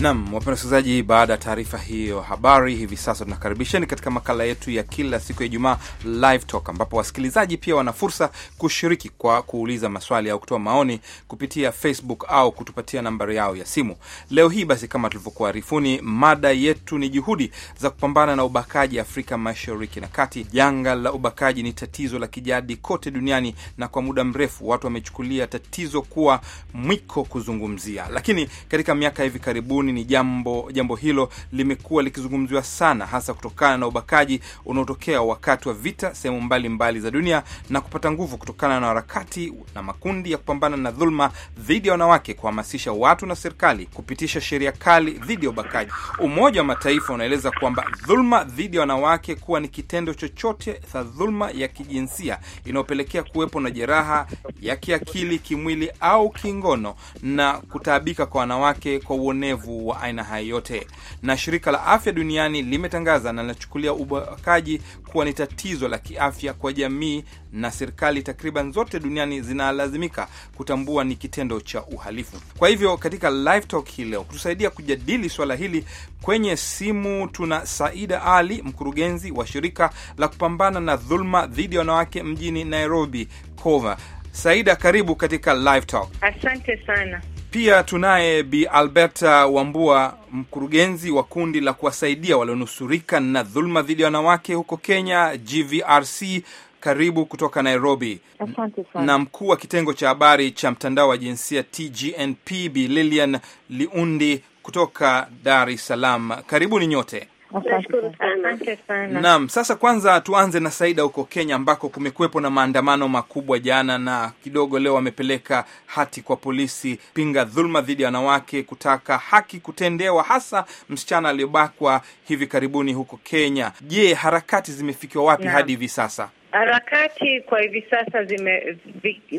Nam wapenda wasikilizaji, baada ya taarifa hiyo habari, hivi sasa tunakaribisheni katika makala yetu ya kila siku ya Ijumaa, Live Talk, ambapo wasikilizaji pia wana fursa kushiriki kwa kuuliza maswali au kutoa maoni kupitia Facebook au kutupatia nambari yao ya simu. Leo hii basi, kama tulivyokuarifuni, mada yetu ni juhudi za kupambana na ubakaji Afrika Mashariki na Kati. Janga la ubakaji ni tatizo la kijadi kote duniani, na kwa muda mrefu watu wamechukulia tatizo kuwa mwiko kuzungumzia, lakini katika miaka hivi karibuni lakini ni jambo, jambo hilo limekuwa likizungumziwa sana, hasa kutokana na ubakaji unaotokea wakati wa vita sehemu mbalimbali za dunia na kupata nguvu kutokana na harakati na makundi ya kupambana na dhuluma dhidi ya wanawake kuhamasisha watu na serikali kupitisha sheria kali dhidi ya ubakaji. Umoja wa Mataifa unaeleza kwamba dhuluma dhidi ya wanawake kuwa ni kitendo chochote cha dhuluma ya kijinsia inayopelekea kuwepo na jeraha ya kiakili, kimwili au kingono na kutaabika kwa wanawake kwa uonevu wa aina haya yote. Na shirika la afya duniani limetangaza na linachukulia ubakaji kuwa ni tatizo la kiafya kwa jamii, na serikali takriban zote duniani zinalazimika kutambua ni kitendo cha uhalifu. Kwa hivyo katika live talk hii leo kutusaidia kujadili swala hili kwenye simu tuna Saida Ali, mkurugenzi wa shirika la kupambana na dhulma dhidi ya wanawake mjini Nairobi, COVA. Saida, karibu katika live talk. Asante sana. Pia tunaye Bi Alberta Wambua, mkurugenzi wa kundi la kuwasaidia walionusurika na dhuluma dhidi ya wanawake huko Kenya, GVRC. Karibu kutoka Nairobi. Na mkuu wa kitengo cha habari cha mtandao wa jinsia TGNP, Bi Lilian Liundi kutoka Dar es Salaam. Karibuni nyote nam Naam, sasa kwanza tuanze na Saida huko Kenya ambako kumekuwepo na maandamano makubwa jana na kidogo leo wamepeleka hati kwa polisi pinga dhulma dhidi ya wanawake kutaka haki kutendewa hasa msichana aliyobakwa hivi karibuni huko Kenya. Je, harakati zimefikiwa wapi na hadi hivi sasa? Harakati kwa hivi sasa zime,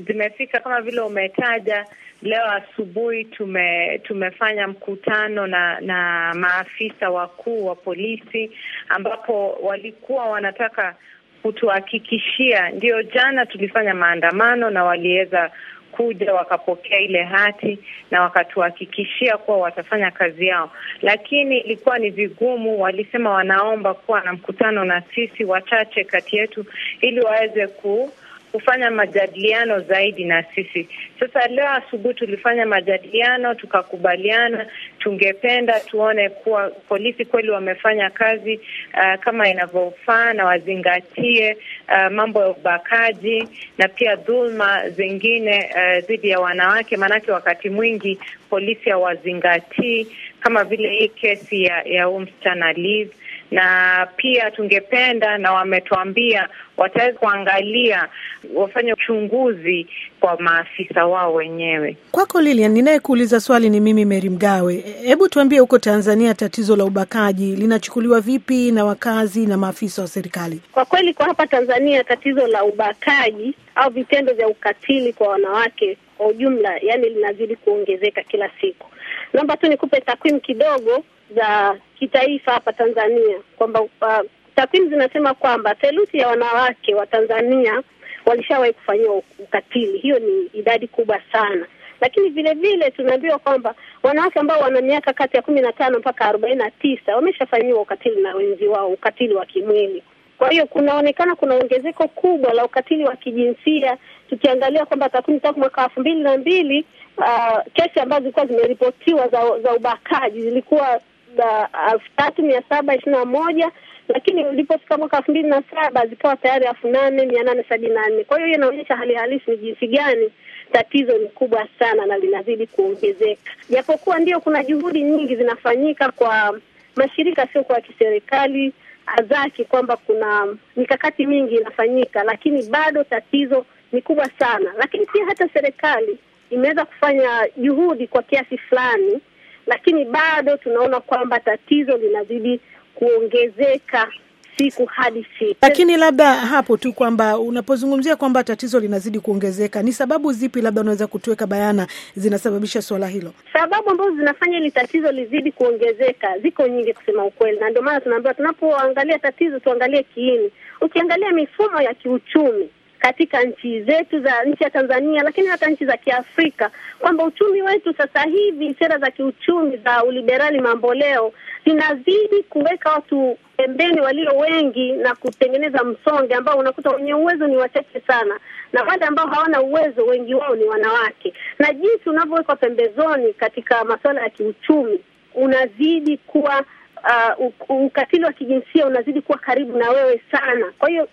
zimefika kama vile umetaja Leo asubuhi tume, tumefanya mkutano na, na maafisa wakuu wa polisi ambapo walikuwa wanataka kutuhakikishia. Ndio jana tulifanya maandamano na waliweza kuja wakapokea ile hati na wakatuhakikishia kuwa watafanya kazi yao, lakini ilikuwa ni vigumu. Walisema wanaomba kuwa na mkutano na sisi wachache kati yetu ili waweze ku kufanya majadiliano zaidi na sisi. Sasa leo asubuhi tulifanya majadiliano, tukakubaliana tungependa tuone kuwa polisi kweli wamefanya kazi uh, kama inavyofaa na wazingatie uh, mambo ya ubakaji na pia dhulma zingine uh, dhidi uh, ya wanawake, maanake wakati mwingi polisi hawazingatii, kama vile hii kesi ya, ya huyu msichana Liz na pia tungependa na wametuambia wataweza kuangalia wafanye uchunguzi kwa maafisa wao wenyewe. Kwako Lilian, ninayekuuliza swali ni mimi Meri Mgawe. Hebu tuambie, huko Tanzania tatizo la ubakaji linachukuliwa vipi na wakazi na maafisa wa serikali? Kwa kweli, kwa hapa Tanzania tatizo la ubakaji au vitendo vya ukatili kwa wanawake kwa ujumla, yani linazidi kuongezeka kila siku. Naomba tu nikupe takwimu kidogo za kitaifa hapa Tanzania kwamba uh, takwimu zinasema kwamba theluthi ya wanawake wa Tanzania walishawahi kufanyiwa ukatili. Hiyo ni idadi kubwa sana, lakini vile vile tunaambiwa kwamba wanawake ambao wana miaka kati ya kumi na tano mpaka arobaini na tisa wameshafanyiwa ukatili na wenzi wao, ukatili wa kimwili. Kwa hiyo kunaonekana kuna ongezeko kubwa la ukatili wa kijinsia, tukiangalia kwamba takwimu tangu mwaka elfu mbili na mbili uh, kesi ambazo zilikuwa zimeripotiwa za, za ubakaji zilikuwa Uh, elfu tatu mia saba ishirini na moja lakini ulipofika mwaka elfu mbili na saba zikawa tayari elfu nane mia nane sabini na nne Kwa hiyo hiyo inaonyesha hali halisi ni jinsi gani tatizo ni kubwa sana na linazidi kuongezeka, japokuwa ndio kuna juhudi nyingi zinafanyika kwa mashirika sio kwa kiserikali azaki kwamba kuna mikakati mingi inafanyika, lakini bado tatizo ni kubwa sana. Lakini pia hata serikali imeweza kufanya juhudi kwa kiasi fulani lakini bado tunaona kwamba tatizo linazidi kuongezeka siku hadi siku. Lakini labda hapo tu kwamba unapozungumzia kwamba tatizo linazidi kuongezeka, ni sababu zipi labda unaweza kutuweka bayana zinasababisha suala hilo? Sababu ambazo zinafanya hili tatizo lizidi kuongezeka ziko nyingi, kusema ukweli, na ndio maana tunaambiwa tunapoangalia tatizo tuangalie kiini. Ukiangalia mifumo ya kiuchumi katika nchi zetu za nchi ya Tanzania, lakini hata nchi za Kiafrika, kwamba uchumi wetu sasa hivi, sera za kiuchumi za uliberali mamboleo zinazidi kuweka watu pembeni walio wengi na kutengeneza msonge ambao unakuta wenye uwezo ni wachache sana, na wale ambao hawana uwezo wengi wao ni wanawake, na jinsi unavyowekwa pembezoni katika masuala ya kiuchumi unazidi kuwa uh, ukatili wa kijinsia unazidi kuwa karibu na wewe sana. Kwa hiyo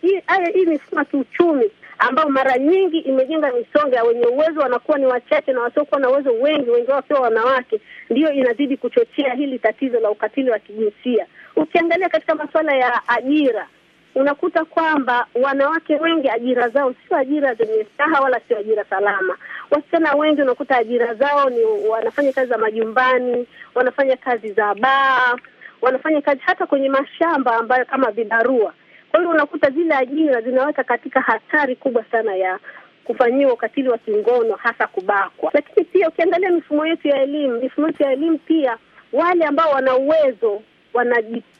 hii mifumo ya kiuchumi ambayo mara nyingi imejenga misonge ya wenye uwezo wanakuwa ni wachache na wasiokuwa na uwezo wengi, wengi wao wakiwa wanawake, ndiyo inazidi kuchochea hili tatizo la ukatili wa kijinsia. Ukiangalia katika masuala ya ajira unakuta kwamba wanawake wengi ajira zao sio ajira zenye staha wala sio ajira salama. Wasichana wengi unakuta ajira zao ni wanafanya kazi za majumbani, wanafanya kazi za baa, wanafanya kazi hata kwenye mashamba ambayo kama vibarua. Kwa hiyo unakuta zile ajira zinaweka katika hatari kubwa sana ya kufanyiwa ukatili wa kingono, hasa kubakwa. Lakini pia ukiangalia mifumo yetu ya elimu, mifumo yetu ya elimu pia wale ambao wana uwezo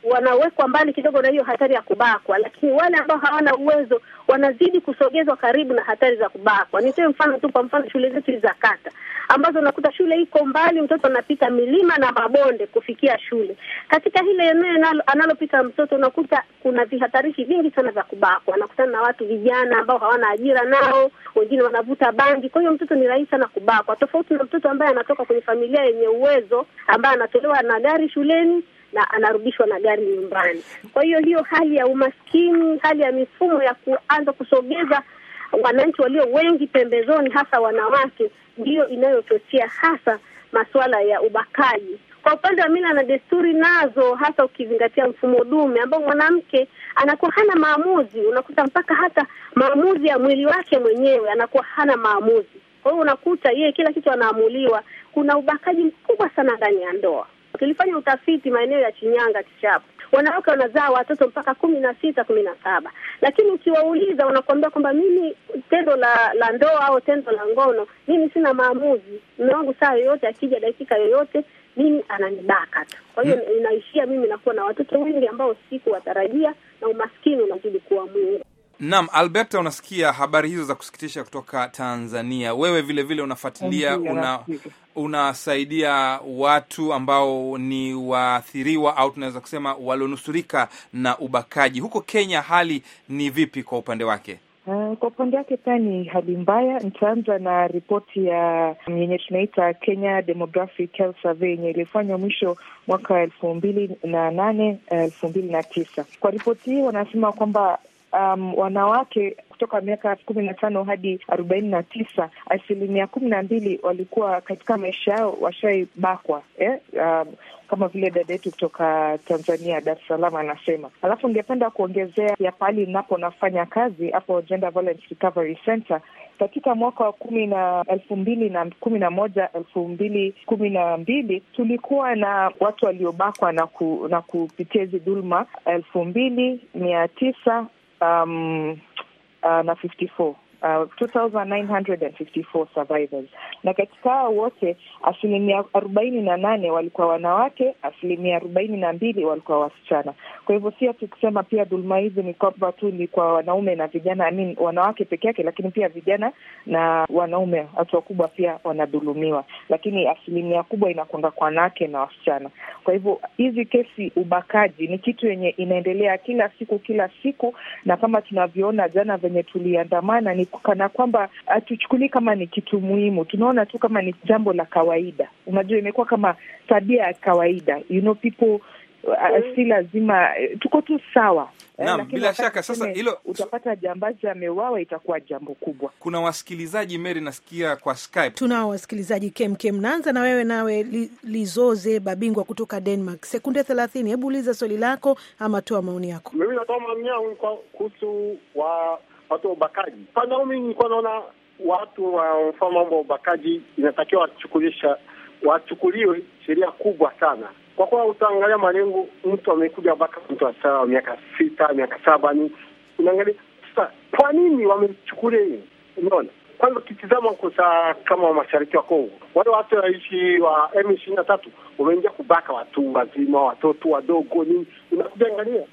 wanawekwa mbali kidogo na hiyo hatari ya kubakwa, lakini wale ambao hawana uwezo wanazidi kusogezwa karibu na hatari za kubakwa. Nitoe mfano tu, kwa mfano shule zetu za kata ambazo unakuta shule iko mbali, mtoto anapita milima na mabonde kufikia shule. Katika hile eneo analopita mtoto unakuta kuna vihatarishi vingi sana vya kubakwa. Anakutana na watu vijana ambao hawana ajira nao, wengine wanavuta bangi. Kwa hiyo mtoto ni rahisi sana kubakwa, tofauti na mtoto ambaye anatoka kwenye familia yenye uwezo, ambaye anatolewa na gari shuleni na anarudishwa na gari nyumbani. Kwa hiyo hiyo hali ya umaskini, hali ya mifumo ya kuanza kusogeza wananchi walio wengi pembezoni, hasa wanawake, ndiyo inayochochea hasa masuala ya ubakaji. Kwa upande wa mila na desturi nazo, hasa ukizingatia mfumo dume ambao mwanamke anakuwa hana maamuzi, unakuta mpaka hata maamuzi ya mwili wake mwenyewe anakuwa hana maamuzi. Kwa hiyo unakuta yeye kila kitu anaamuliwa. Kuna ubakaji mkubwa sana ndani ya ndoa. Tulifanya utafiti maeneo ya chinyanga Kishapu, wanawake wanazaa watoto mpaka kumi na sita kumi na saba lakini ukiwauliza wanakuambia kwamba mimi tendo la la ndoa au tendo la ngono mimi sina maamuzi. Mume wangu saa yoyote akija, dakika yoyote mimi ananibaka tu. Kwa hiyo hmm. inaishia mimi nakuwa na watoto wengi ambao sikuwatarajia na umaskini unazidi kuwa mwingi. Naam, Alberta, unasikia habari hizo za kusikitisha kutoka Tanzania. Wewe vile vile unafuatilia una, unasaidia watu ambao ni waathiriwa au tunaweza kusema walionusurika na ubakaji huko Kenya. Hali ni vipi kwa upande wake? Eh, kwa upande wake pia ni hali mbaya. Nitaanza na ripoti ya yenye tunaita Kenya Demographic Health Survey yenye ilifanywa mwisho mwaka elfu mbili na nane elfu mbili na tisa. Kwa ripoti hii wanasema kwamba um, wanawake kutoka miaka kumi na tano hadi arobaini na tisa asilimia kumi na mbili walikuwa katika maisha yao washaibakwa eh? um, kama vile dada yetu kutoka Tanzania, Dar es Salaam anasema. Alafu ningependa kuongezea ya pahali napo nafanya kazi hapo Gender Violence Recovery Center katika mwaka wa kumi na elfu mbili na kumi na moja elfu mbili kumi na mbili tulikuwa na watu waliobakwa na, ku, na kupitia hizi dhuluma elfu mbili mia tisa um, uh, na 54 uh, 2954 survivors na katika hao wote asilimia arobaini na nane walikuwa wanawake, asilimia arobaini na mbili walikuwa wasichana. Kwa hivyo sio tukisema pia dhuluma hizi ni kwamba tu ni kwa wanaume na vijana, I mean, wanawake peke yake, lakini pia vijana na wanaume, watu wakubwa pia wanadhulumiwa, lakini asilimia kubwa inakwenda kwa wanawake na wasichana. Kwa hivyo hizi kesi ubakaji ni kitu yenye inaendelea kila siku kila siku, na kama tunavyoona jana venye tuliandamana ni kana kwamba hatuchukulii ah, kama ni kitu muhimu, tunaona tu kama ni jambo la kawaida. Unajua, imekuwa kama tabia ya kawaida, you know people Uh, si lazima tuko tu sawa eh, naam, bila shaka. Sasa hilo utapata jambazi amewawa, itakuwa jambo kubwa. Kuna wasikilizaji Mary, nasikia kwa Skype tunao wasikilizaji kemkem. Naanza na wewe nawe li, Lizoze Babingwa kutoka Denmark, sekunde thelathini. Hebu uliza swali lako ama toa maoni yako. Mimi natoa maoni yangu kuhusu wa watu wa ubakaji. Mfano mimi nilikuwa naona watu mfano mambo wa ubakaji inatakiwa wachukulisha wachukuliwe sheria kubwa sana, kwa kuwa utaangalia malengo, mtu amekuja mpaka mtu wa miaka sita miaka saba ni unaangalia sasa, kwa nini wamechukulia hii? Unaona, kwanza ukitizama kosa kama mashariki wa Kongo, wale watu waishi wa M ishirini na tatu wameingia kubaka watu wazima, watoto wadogo, nini unakuja angalia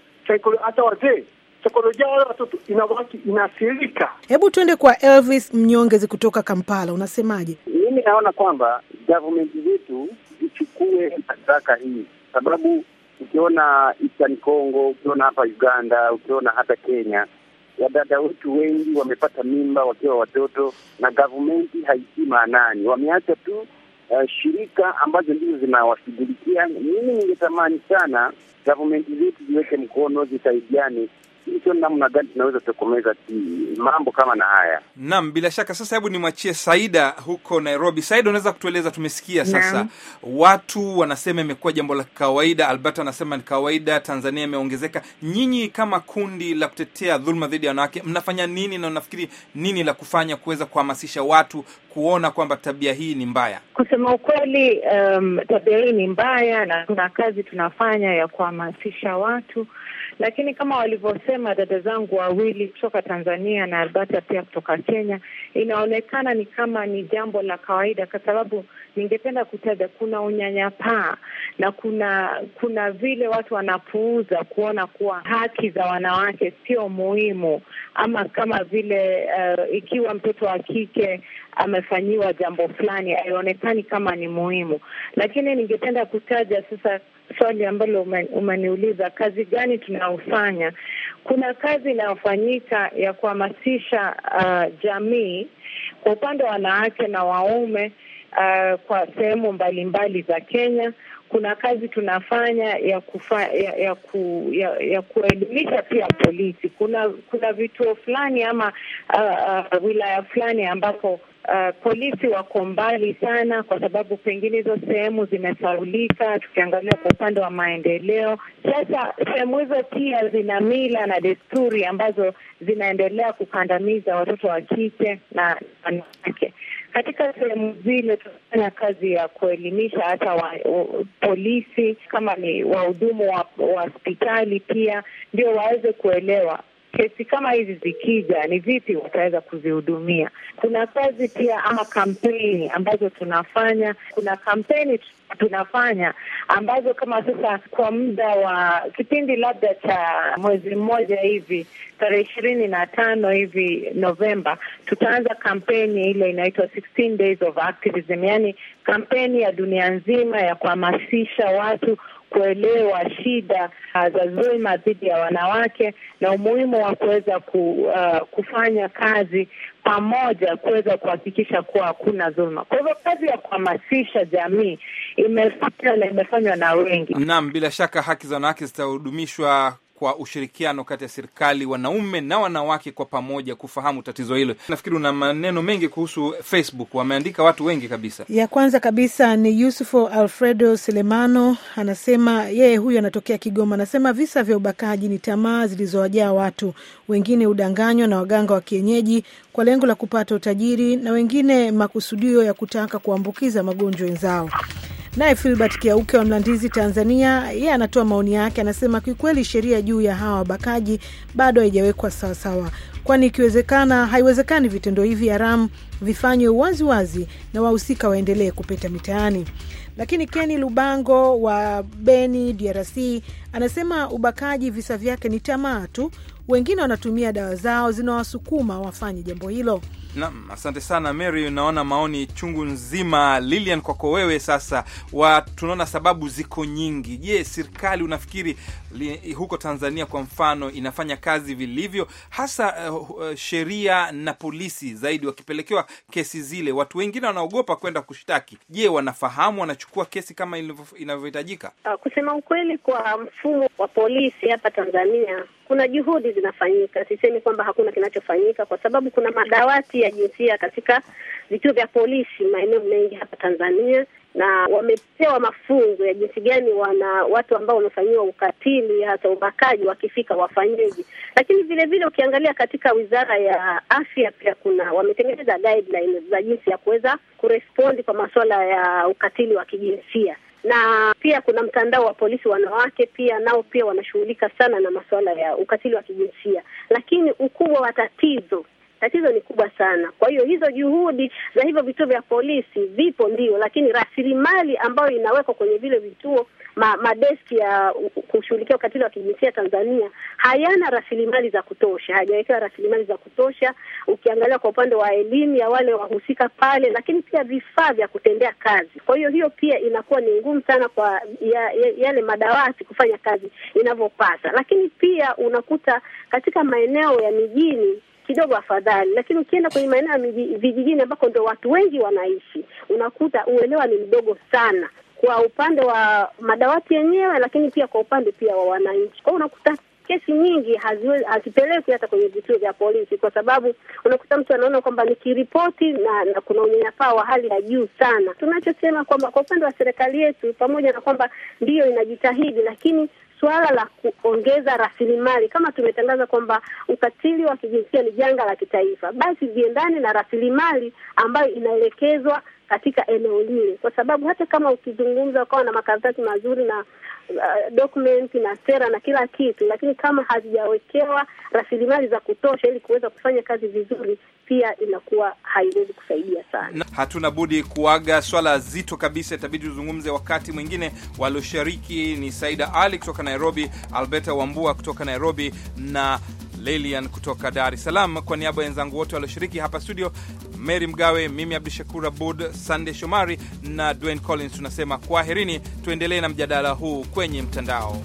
hata wazee saikolojia wale watoto inabaki inaathirika. Hebu tuende kwa Elvis Mnyongezi kutoka Kampala, unasemaje? Mimi naona kwamba gavumenti zetu zichukue madaraka hii, sababu ukiona Eastern Congo, ukiona hapa Uganda, ukiona hata Kenya, wadada wetu wengi wamepata mimba wakiwa watoto na gavumenti haitii maanani, wameacha tu Uh, shirika ambazo ndizo zinawashughulikia. Mimi ningetamani sana gavumenti zetu ziweke mkono, zisaidiane sio namna gani tunaweza kutokomeza mambo kama na haya. Naam, bila shaka. Sasa hebu nimwachie Saida huko Nairobi. Saida, unaweza kutueleza, tumesikia sasa na watu wanasema imekuwa jambo la kawaida. Albert anasema ni kawaida, Tanzania imeongezeka. Nyinyi kama kundi la kutetea dhuluma dhidi ya wanawake mnafanya nini, na unafikiri nini la kufanya kuweza kuhamasisha watu kuona kwamba tabia hii ni mbaya? Kusema ukweli, um, tabia hii ni mbaya na kuna kazi tunafanya ya kuhamasisha watu lakini kama walivyosema dada zangu wawili kutoka Tanzania na Albata pia kutoka Kenya, inaonekana ni kama ni jambo la kawaida, kwa sababu ningependa kutaja, kuna unyanyapaa na kuna kuna vile watu wanapuuza kuona kuwa haki za wanawake sio muhimu, ama kama vile uh, ikiwa mtoto wa kike amefanyiwa jambo fulani haionekani kama ni muhimu, lakini ningependa kutaja sasa swali ambalo umeniuliza, kazi gani tunaofanya? Kuna kazi inayofanyika ya kuhamasisha uh, jamii kwa upande wa wanawake na waume uh, kwa sehemu mbalimbali za Kenya. Kuna kazi tunafanya ya kufa, ya, ya, ku, ya, ya kuelimisha pia polisi. Kuna kuna vituo fulani ama uh, uh, wilaya fulani ambapo Uh, polisi wako mbali sana, kwa sababu pengine hizo sehemu zimesaulika. Tukiangalia kwa upande wa maendeleo sasa, sehemu hizo pia zina mila na desturi ambazo zinaendelea kukandamiza watoto wa kike na wanawake katika sehemu zile. Tunafanya kazi ya kuelimisha hata wa, uh, polisi kama ni wahudumu wa hospitali wa pia ndio waweze kuelewa kesi kama hizi zikija, ni vipi wataweza kuzihudumia. Kuna kazi pia ama kampeni ambazo tunafanya, kuna kampeni tunafanya ambazo kama sasa kwa muda wa kipindi labda cha mwezi mmoja hivi, tarehe ishirini na tano hivi Novemba, tutaanza kampeni ile inaitwa 16 days of activism, yani kampeni ya dunia nzima ya kuhamasisha watu kuelewa shida ah, za dhuluma dhidi ya wanawake na umuhimu wa kuweza ku, uh, kufanya kazi pamoja kuweza kuhakikisha kuwa hakuna dhuluma. Kwa hivyo kazi ya kuhamasisha jamii imefanywa na imefanywa na wengi. Naam, bila shaka haki za wanawake zitahudumishwa kwa ushirikiano kati ya serikali, wanaume na wanawake kwa pamoja kufahamu tatizo hilo. Nafikiri una maneno mengi kuhusu Facebook, wameandika watu wengi kabisa. Ya kwanza kabisa ni Yusufu Alfredo Selemano, anasema yeye, huyu anatokea Kigoma, anasema visa vya ubakaji ni tamaa zilizowajaa watu, wengine udanganywa na waganga wa kienyeji kwa lengo la kupata utajiri, na wengine makusudio ya kutaka kuambukiza magonjwa wenzao. Naye Filbert Kiauke wa Mlandizi, Tanzania, yeye anatoa maoni yake, anasema kikweli sheria juu ya hawa wabakaji bado haijawekwa sawasawa, kwani ikiwezekana, haiwezekani vitendo hivi haramu vifanywe waziwazi na wahusika waendelee kupita mitaani. Lakini Keni Lubango wa Beni, DRC, anasema ubakaji visa vyake ni tamaa tu, wengine wanatumia dawa zao zinawasukuma wafanye jambo hilo. Naam, asante sana Mary. Unaona maoni chungu nzima. Lilian, kwako wewe sasa, wa tunaona sababu ziko nyingi. Je, serikali unafikiri li, huko Tanzania kwa mfano inafanya kazi vilivyo, hasa uh, uh, sheria na polisi zaidi? Wakipelekewa kesi zile, watu wengine wanaogopa kwenda kushtaki. Je, wanafahamu wanachukua kesi kama inavyohitajika? Ah, kusema ukweli, kwa mfumo wa polisi hapa Tanzania kuna juhudi zinafanyika, sisemi kwamba hakuna kinachofanyika, kwa sababu kuna madawati ya jinsia katika vituo vya polisi maeneo mengi hapa Tanzania, na wamepewa mafunzo ya jinsi gani wana watu ambao wamefanyiwa ukatili hata ubakaji wakifika wafanyeje. Lakini vile vile ukiangalia katika wizara ya afya pia kuna wametengeneza guidelines za jinsi ya kuweza kurespondi kwa masuala ya ukatili wa kijinsia na pia kuna mtandao wa polisi wanawake pia nao pia wanashughulika sana na masuala ya ukatili wa kijinsia, lakini ukubwa wa tatizo tatizo ni kubwa sana. Kwa hiyo hizo juhudi za hivyo vituo vya polisi vipo ndio, lakini rasilimali ambayo inawekwa kwenye vile vituo ma, madeski ya kushughulikia ukatili wa kijinsia Tanzania hayana rasilimali za kutosha, hajawekewa rasilimali za kutosha, ukiangalia kwa upande wa elimu ya wale wahusika pale, lakini pia vifaa vya kutendea kazi. Kwa hiyo hiyo pia inakuwa ni ngumu sana kwa yale ya, ya madawati kufanya kazi inavyopasa, lakini pia unakuta katika maeneo ya mijini kidogo afadhali, lakini ukienda kwenye maeneo ya vijijini ambako ndo watu wengi wanaishi, unakuta uelewa ni mdogo sana kwa upande wa madawati yenyewe, lakini pia kwa upande pia wa wananchi. Kwa hiyo unakuta kesi nyingi hazipelekwi hata kwenye vituo vya polisi, kwa sababu unakuta mtu anaona kwamba nikiripoti na, na kuna unyanyapaa wa hali ya juu sana. Tunachosema kwamba kwa upande wa serikali yetu, pamoja na kwamba ndiyo inajitahidi, lakini suala la kuongeza rasilimali kama tumetangaza kwamba ukatili wa kijinsia ni janga la kitaifa, basi viendane na rasilimali ambayo inaelekezwa katika eneo lile, kwa sababu hata kama ukizungumza ukawa na makaratasi mazuri na uh, dokumenti na sera na kila kitu, lakini kama hazijawekewa rasilimali za kutosha ili kuweza kufanya kazi vizuri, pia inakuwa haiwezi kusaidia sana. Hatuna budi kuaga. Swala zito kabisa, itabidi tuzungumze wakati mwingine. Walioshiriki ni Saida Ali kutoka Nairobi, Alberta Wambua kutoka Nairobi na Lilian kutoka Dar es Salaam. Kwa niaba ya wenzangu wote walioshiriki hapa studio, Mary Mgawe, mimi Abdu Shakur Abud, Sande Shomari na Dwayne Collins tunasema kwaherini. Tuendelee na mjadala huu kwenye mtandao.